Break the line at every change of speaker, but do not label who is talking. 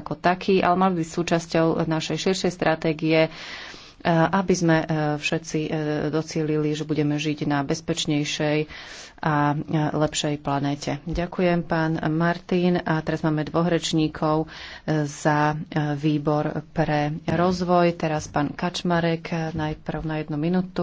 ako taký, ale mal byť súčasťou našej širšej stratégie, aby sme e, všetci e, docielili, že budeme žiť na bezpečnejšej a lepšej planéte. Ďakujem, pán Martin. A teraz máme dvoch rečníkov e, za výbor pre rozvoj. Teraz pán Kačmarek
najprv na jednu minútu.